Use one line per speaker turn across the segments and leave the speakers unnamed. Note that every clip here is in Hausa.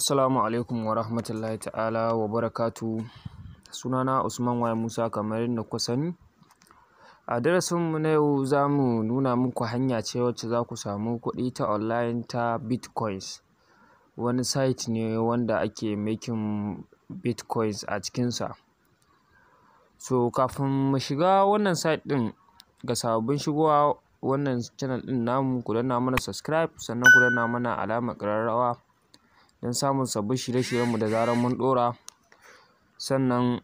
Assalamu alaikum wa rahmatullahi ta'ala wa barakatu sunana Usman Waya Musa kamar yadda ku sani a darasinmu na yau za mu nuna muku hanya ce wacce za ku samu kuɗi ta online ta bitcoins wani site ne wanda ake making bitcoins a cikinsa so kafin mu shiga wannan site ɗin ga sababbin shigowa wannan channel ɗin namu ku danna mana subscribe sannan ku danna mana alamar ƙararrawa don samun sabbin shirye-shiryenmu da zarar mun ɗora. Sannan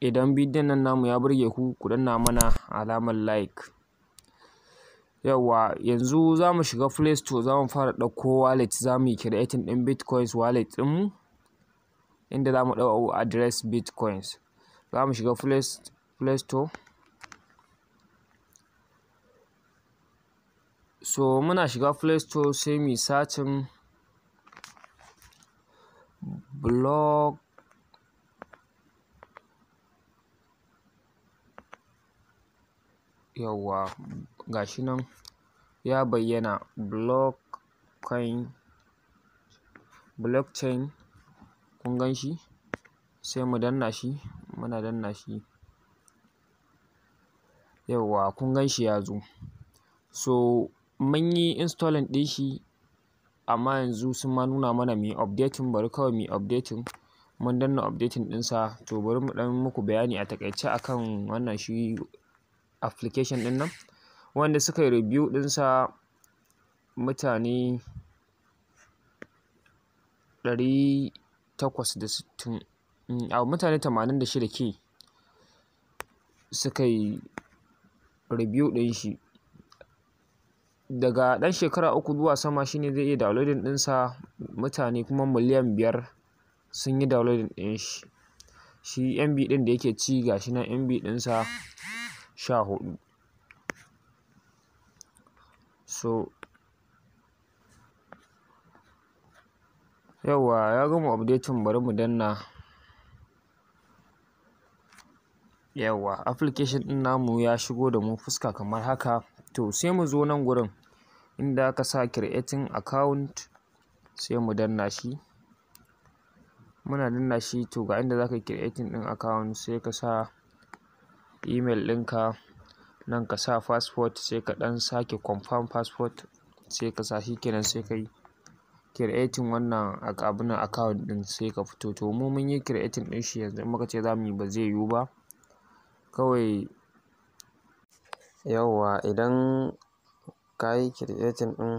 idan bidiyon nan namu ya burge ku, ku danna mana alamar like. Yawwa yanzu za mu shiga Play Store za mu fara ɗauko wallet za mu yi creating ɗin Bitcoins wallet ɗinmu inda za mu ɗau address Bitcoins. Za mu shiga Play Store. So muna shiga Play Store sai mu yi searching blog yawwa gashi nan ya bayyana blog coin block chain kun ganshi sai mu danna shi muna danna shi yawwa kun ganshi yazo so munyi installing ɗin shi amma yanzu sun ma nuna mana mai updating bari kawai mai updating mun danna updating ɗinsa to bari mu ɗan muku bayani a takaice akan wannan shi application ɗin nan wanda suka yi review ɗinsa mutane ɗari takwas da mm, mutane tamanin ke suka yi review ɗin shi daga ɗan shekara uku zuwa sama shine zai iya downloading ɗinsa mutane kuma miliyan biyar sun yi downloading ɗin shi shi MB ɗin da yake ci ga shi nan MB ɗinsa sha hudu so ya gama updating bari mu danna yawa application ɗin namu ya shigo da mu fuska kamar haka to sai mu zo nan gurin inda aka sa creating account sai mu danna shi muna danna shi to ga inda zaka creating ɗin account sai ka sa email ɗinka nan ka sa passport sai ka ɗan sake confirm passport sai ka sa shikenan sai kai creating wannan abin account ɗin sai ka fito to mu mun yi creating din shi yanzu in muka ce za yi ba zai yiwu ba kawai Yauwa idan ka yi creating ɗin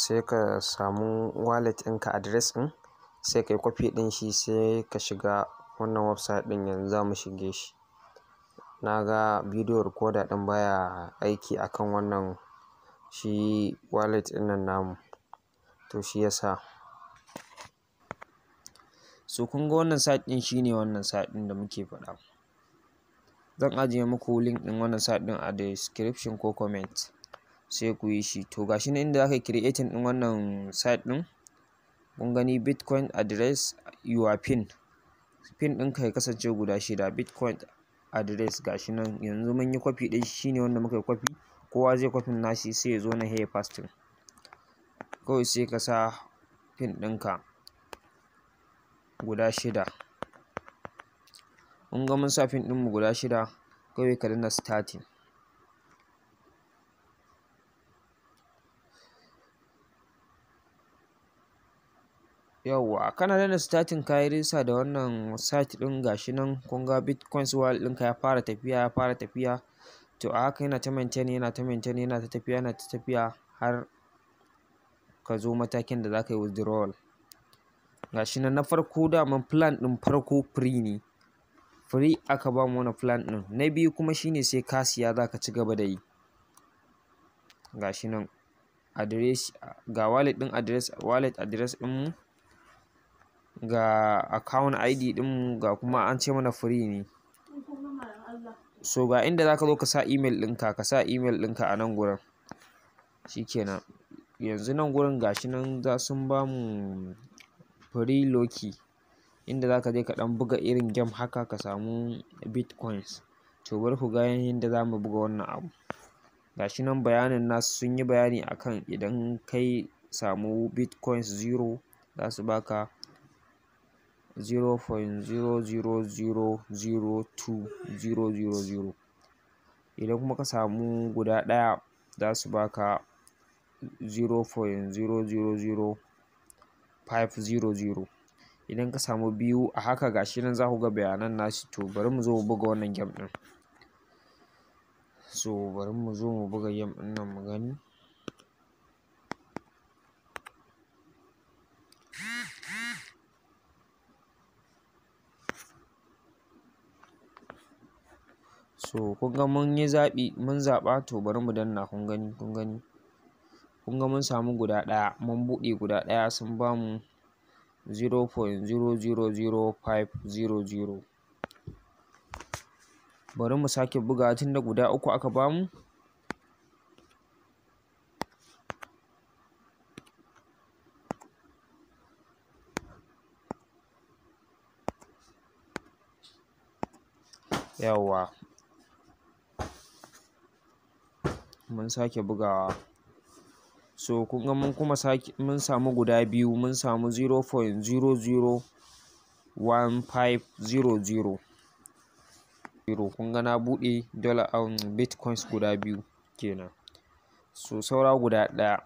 sai ka samu ɗin ɗinka adres ɗin sai ka yi kwafi ɗin shi sai ka shiga wannan website ɗin yanzu za mu shige shi. Na ga bidiyo rikoda ɗin baya aiki akan wannan shi walet ɗin nan namu to shi ya sa. So kun wannan site ɗin shine wannan site da muke faɗa. zan ajiye muku link ɗin wannan site ɗin a description ko comment sai ku yi shi to gashi nan inda zaka creating ɗin wannan site ɗin kun gani bitcoin address your pin pin ɗinka ya kasance guda shida bitcoin address gashi nan yanzu mun yi copy ɗin shine wanda muka yi copy kowa zai copy nashi sai ya zo na hey fasting kawai sai ka sa pin ɗinka guda shida mun ga mun sa fin ɗinmu guda shida kawai ka danna starting yawwa kana danna starting ka risa da wannan site ɗin gashi nan kun ga bitcoins wallet ɗinka ya fara tafiya ya fara tafiya to a haka yana ta maintain yana ta maintain yana ta tafiya yana ta tafiya har ka zo matakin da za ka yi withdrawal gashi nan na farko daman plan ɗin farko free ne free aka ba mu wani plan ɗin na biyu kuma shine sai ka siya za ci gaba da yi ga nan address ga wallet ɗin address wallet address mu ga account id mu ga kuma an ce mana free ne so ga inda za zo ka sa email ɗinka ka sa email ɗinka a nan gurin shikenan yanzu nan gurin gashi nan za sun mu free loki inda za ka je ka ɗan buga irin game haka ka samu bitcoins to bari ku ga yanda za mu buga wannan abu ga shi nan bayanin nasu sun yi bayani akan idan kai samu bitcoins zero za su ka 0.0000200 idan kuma ka samu guda ɗaya za su baka 0.000500 idan ka samu biyu a haka gashi nan za ku ga bayanan nashi to bari mu zo mu buga wannan game ɗin so bari mu zo mu buga game din nan mu gani so kun ga mun yi zaɓi mun zaɓa to bari mu danna kun gani kun gani kun ga mun samu guda ɗaya mun buɗe guda ɗaya sun bamu zero. bari mu sake tun da guda uku aka bamu yawwa mun sake bugawa so kun ga mun kuma sake mun samu guda biyu mun samu 0.001500 kun ga na buɗe dollar um, bitcoins guda biyu kenan so saura guda ɗaya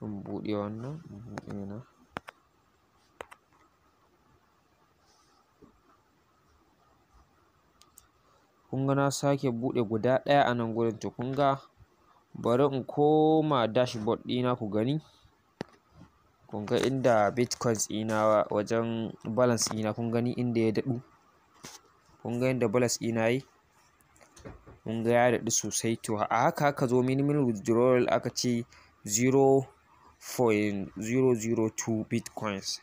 in buɗe wannan in buɗe na kun ga na sake buɗe guda ɗaya a nan gurin to kun ga bari in koma dashboard ɗina ku gani kun ga inda bitcoins ɗina wajen balance ɗina kun gani inda ya daɗu kun ga yadda balance ɗina yayi kun ga ya daɗu sosai to a haka aka zo minimum withdrawal aka ce 0.002 bitcoins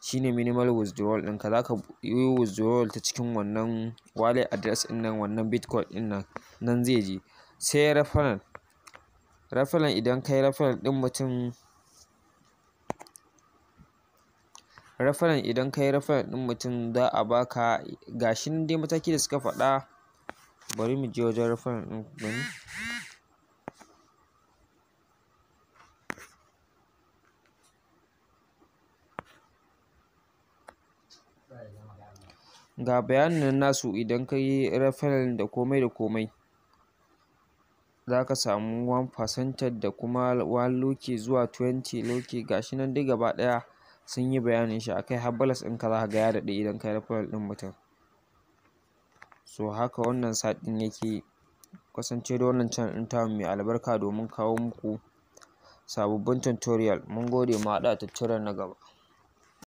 shine minimal withdrawal ɗinka za ka yi withdrawal ta cikin wannan wallet address ɗin nan wannan bitcoin ɗin nan nan zai je sai referral referral idan kai referral ɗin mutum referral idan kai referral ɗin mutum za a baka gashin dai mataki da suka faɗa bari mu je wajen referral ɗin Ga bayanin nan nasu idan kayi yi referral da komai da komai za ka samu 1 da kuma 1 loke zuwa 20 loke gashi nan dai gaba ɗaya sun yi bayanin shi akai har balance ɗinka za a ga ya daɗe idan ka yi referral ɗin mutum. So haka wannan site ɗin yake kasance da wannan can ɗin tamu mai albarka domin kawo muku sababbin tutorial. Mun gode mu haɗu a na gaba.